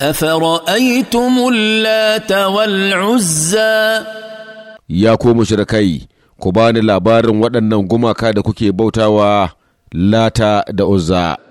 أفرأيتم اللات والعزى يا كو مشركي ku bani labarin waɗannan gumaka da kuke bautawa lata da uzza